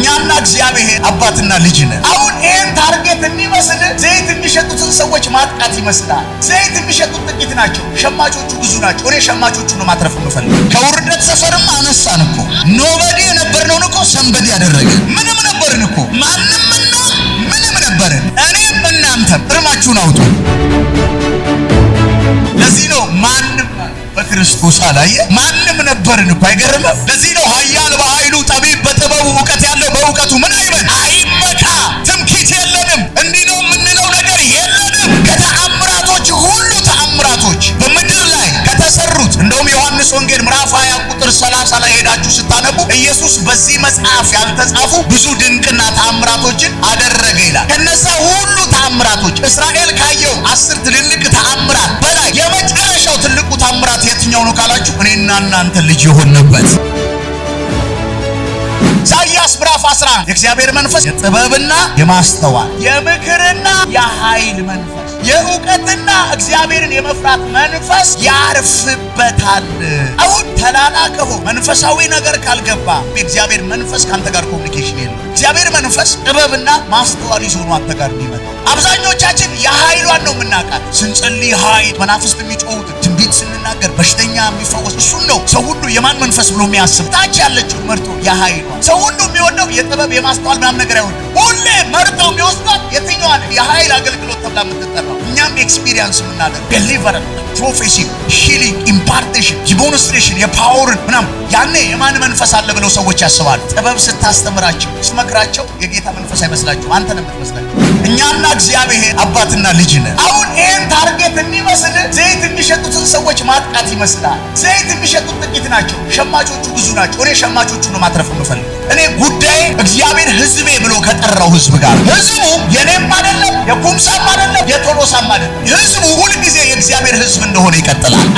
እኛና እግዚአብሔር አባትና ልጅ ነን። አሁን ይህን ታርጌት የሚመስል ዘይት የሚሸጡትን ሰዎች ማጥቃት ይመስላል። ዘይት የሚሸጡት ጥቂት ናቸው፣ ሸማቾቹ ብዙ ናቸው። እኔ ሸማቾቹ ነው ማትረፍ የምፈልግ። ከውርደት ሰፈርም አነሳን እኮ ኖበዴ የነበርነውን እኮ ሰንበዴ ያደረገ ምንም ነበርን እኮ ማንም እና ምንም ነበርን። እኔም እናንተም እርማችሁን አውጡ። ለዚህ ነው ማንም በክርስቶስ አላየ ማንም ነበርን እኮ አይገርምም። ለዚህ ነው የማቴዎስ ወንጌል ምዕራፍ 20 ቁጥር 30 ላይ ሄዳችሁ ስታነቡ ኢየሱስ በዚህ መጽሐፍ ያልተጻፉ ብዙ ድንቅና ተአምራቶችን አደረገ ይላል። ከነዛ ሁሉ ተአምራቶች እስራኤል ካየው አስር ትልልቅ ተአምራት በላይ የመጨረሻው ትልቁ ተአምራት የትኛው ነው ካላችሁ እኔና እናንተ ልጅ የሆንበት ኢሳይያስ ምዕራፍ 11 የእግዚአብሔር መንፈስ የጥበብና የማስተዋል የምክርና የኃይል መንፈስ የእውቀትና እግዚአብሔርን የመፍራት መንፈስ ያርፍበታል። አሁን ተላላከው መንፈሳዊ ነገር ካልገባ የእግዚአብሔር መንፈስ ካንተ ጋር ኮሚኒኬሽን የለው እግዚአብሔር መንፈስ ጥበብና ማስተዋል ይዞ ነው አንተ ጋር የሚመጣው። አብዛኞቻችን የኃይሏን ነው የምናውቃት። ስንጸልይ ኃይል መናፍስት የሚጮሁት ትንቢት ስንናገር በሽተኛ የሚፈወስ እሱን ነው ሰው ሁሉ የማን መንፈስ ብሎ የሚያስብ ታች ያለችው መርቶ የኃይሏን ሰው ሁሉ የሚወደው የጥበብ የማስተዋል ምናምን ነገር አይሆን ሁሌ መርጠው የሚወስዷት የትኛዋን የኃይል አገልግሎት ተብላ የምትጠራው እኛም ኤክስፒሪየንስ የምናደርግ ዴሊቨረን፣ ፕሮፌሲ፣ ሂሊንግ፣ ኢምፓርቴሽን፣ ዲሞንስትሬሽን የፓወርን ምናምን ያኔ የማን መንፈስ አለ ብለው ሰዎች ያስባሉ። ጥበብ ስታስተምራቸው ስመክራቸው የጌታ መንፈስ አይመስላችሁም። አንተ ነው የምትመስላቸው። እኛና እግዚአብሔር አባትና ልጅ ነን። ይህን ታርጌት የሚመስል ዘይት የሚሸጡትን ሰዎች ማጥቃት ይመስላል። ዘይት የሚሸጡት ጥቂት ናቸው፣ ሸማቾቹ ብዙ ናቸው። እኔ ሸማቾቹ ነው ማትረፍ የምፈልግ። እኔ ጉዳይ እግዚአብሔር ህዝቤ ብሎ ከጠራው ህዝብ ጋር ህዝቡ የኔም አይደለም፣ የኩምሳም አይደለም፣ የቶሎሳም አይደለም። ህዝቡ ሁልጊዜ የእግዚአብሔር ህዝብ እንደሆነ ይቀጥላል።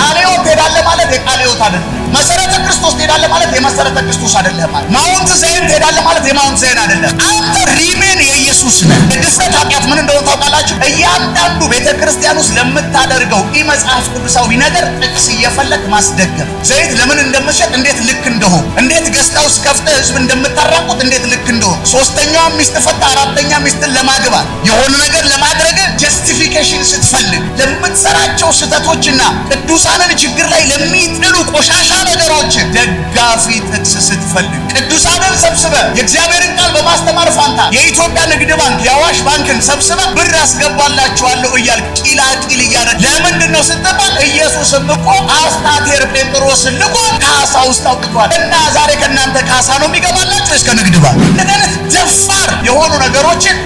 ማለት መሰረተ ክርስቶስ ትሄዳለህ ማለት የመሰረተ ክርስቶስ አይደለም ማለት ማውንት ዘይን ትሄዳለህ ማለት የማውንት ዘይን አይደለም። አንተ ሪሜን የኢየሱስ ነህ። ንግሥነት ኃጢአት ምን እንደሆነ ታውቃላችሁ? እያንዳንዱ ቤተ ክርስቲያን ውስጥ ለምታደርገው ኢ መጽሐፍ ቅዱሳዊ ነገር ጥቅስ እየፈለግ ማስደገም ዘይት ለምን እንደምሸጥ እንዴት ልክ እንደሆ እንዴት ገዝታ ውስጥ ከፍተህ ህዝብ እንደምታራቁት እንዴት ልክ እንደሆ ሶስተኛዋ ሚስት ፈታ አራተኛ ሚስትን ለማግባት የሆነ ነገር ለማድረግ ጀስቲፊኬሽን ስትፈልግ ለምትሰ ስህተቶችና ቅዱሳንን ችግር ላይ ለሚጥሉ ቆሻሻ ነገሮች ደጋፊ ጥቅስ ስትፈልግ ቅዱሳንን ሰብስበ የእግዚአብሔርን ቃል በማስተማር ፋንታ የኢትዮጵያ ንግድ ባንክ የአዋሽ ባንክን ሰብስበ ብር አስገባላችኋለሁ እያል ቂላቂል እያለ ለምንድን ነው ስትባል ኢየሱስም እኮ አስታቴር ጴጥሮስን ልኮ ካሳ ውስጥ አውጥቷል እና ዛሬ ከእናንተ ካሳ ነው የሚገባላችሁ እስከ ንግድ ባንክ ደፋር የሆኑ ነገሮችን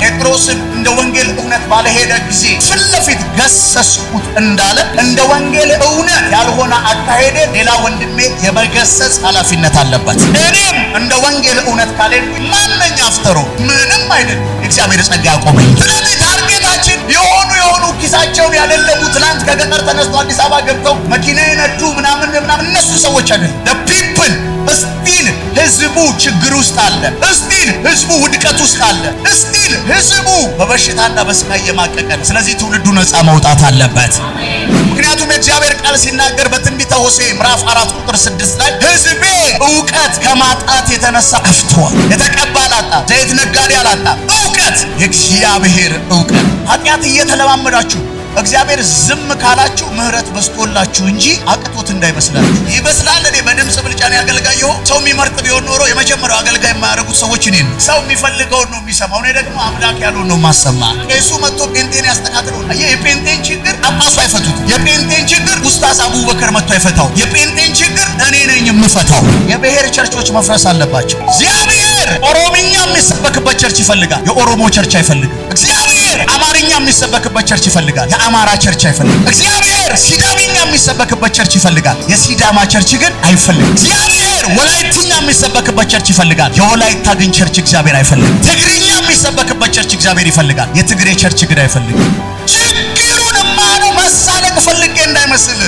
ጴጥሮስን እንደ ወንጌል እውነት ባለሄደ ጊዜ ፊት ለፊት ገሰስኩት እንዳለ እንደ ወንጌል እውነት ያልሆነ አካሄደ ሌላ ወንድሜ የመገሰጽ ኃላፊነት አለበት። እኔም እንደ ወንጌል እውነት ካልሄድኩ ማነኝ? አፍተሮ ምንም አይደል። እግዚአብሔር ጸጋ ያቆመኝ። ስለዚህ ታርጌታችን የሆኑ የሆኑ ኪሳቸውን ያደለቡ ትናንት ከገጠር ተነስቶ አዲስ አበባ ገብተው መኪና የነዱ ምናምን ምናምን እነሱ ሰዎች አይደለም ፒፕል እስቲል ህዝቡ ችግር ውስጥ አለ። እስቲል ህዝቡ ውድቀት ውስጥ አለ። እስቲል ህዝቡ በበሽታና በስቃይ የማቀቀ ነው። ስለዚህ ትውልዱ ነፃ መውጣት አለበት። ምክንያቱም የእግዚአብሔር ቃል ሲናገር በትንቢተ ሆሴ ምዕራፍ አራት ቁጥር ስድስት ላይ ህዝቤ እውቀት ከማጣት የተነሳ ከፍቷል። የተቀባ አላጣ፣ ዘይት ነጋዴ አላጣ። እውቀት የእግዚአብሔር እውቀት ኃጢአት እየተለማመዳችሁ እግዚአብሔር ዝም ካላችሁ ምህረት በስቶላችሁ እንጂ አቅቶት እንዳይመስላችሁ። ይመስላል እኔ በድምፅ ብልጫ ነው ያገልጋየሁ። ሰው የሚመርጥ ቢሆን ኖሮ የመጀመሪያው አገልጋይ የማያደርጉት ሰዎች እኔ ነው። ሰው የሚፈልገውን ነው የሚሰማው፣ እኔ ደግሞ አምላክ ያለውን ነው ማሰማ። ቄሱ መጥቶ ጴንጤን ያስተካክለው። አየህ፣ የጴንጤን ችግር ጳጳሱ አይፈቱት። የጴንጤን ችግር ኡስታዝ አቡበከር መጥቶ አይፈታው። የጴንጤን ችግር እኔ ነኝ የምፈታው። የብሔር ቸርቾች መፍረስ አለባቸው። እግዚአብሔር ኦሮምኛ የሚሰበክበት ቸርች ይፈልጋል። የኦሮሞ ቸርች አይፈልግም። እግዚአብሔር የሚሰበክበት ቸርች ይፈልጋል። የአማራ ቸርች አይፈልግም። እግዚአብሔር ሲዳሚኛ የሚሰበክበት ቸርች ይፈልጋል። የሲዳማ ቸርች ግን አይፈልግም። እግዚአብሔር ወላይትኛ የሚሰበክበት ቸርች ይፈልጋል። የወላይታ ግን ቸርች እግዚአብሔር አይፈልግም። ትግርኛ የሚሰበክበት ቸርች እግዚአብሔር ይፈልጋል። የትግሬ ቸርች ግን አይፈልግም። ችግሩን ማኑ መሳለቅ ፈልጌ እንዳይመስል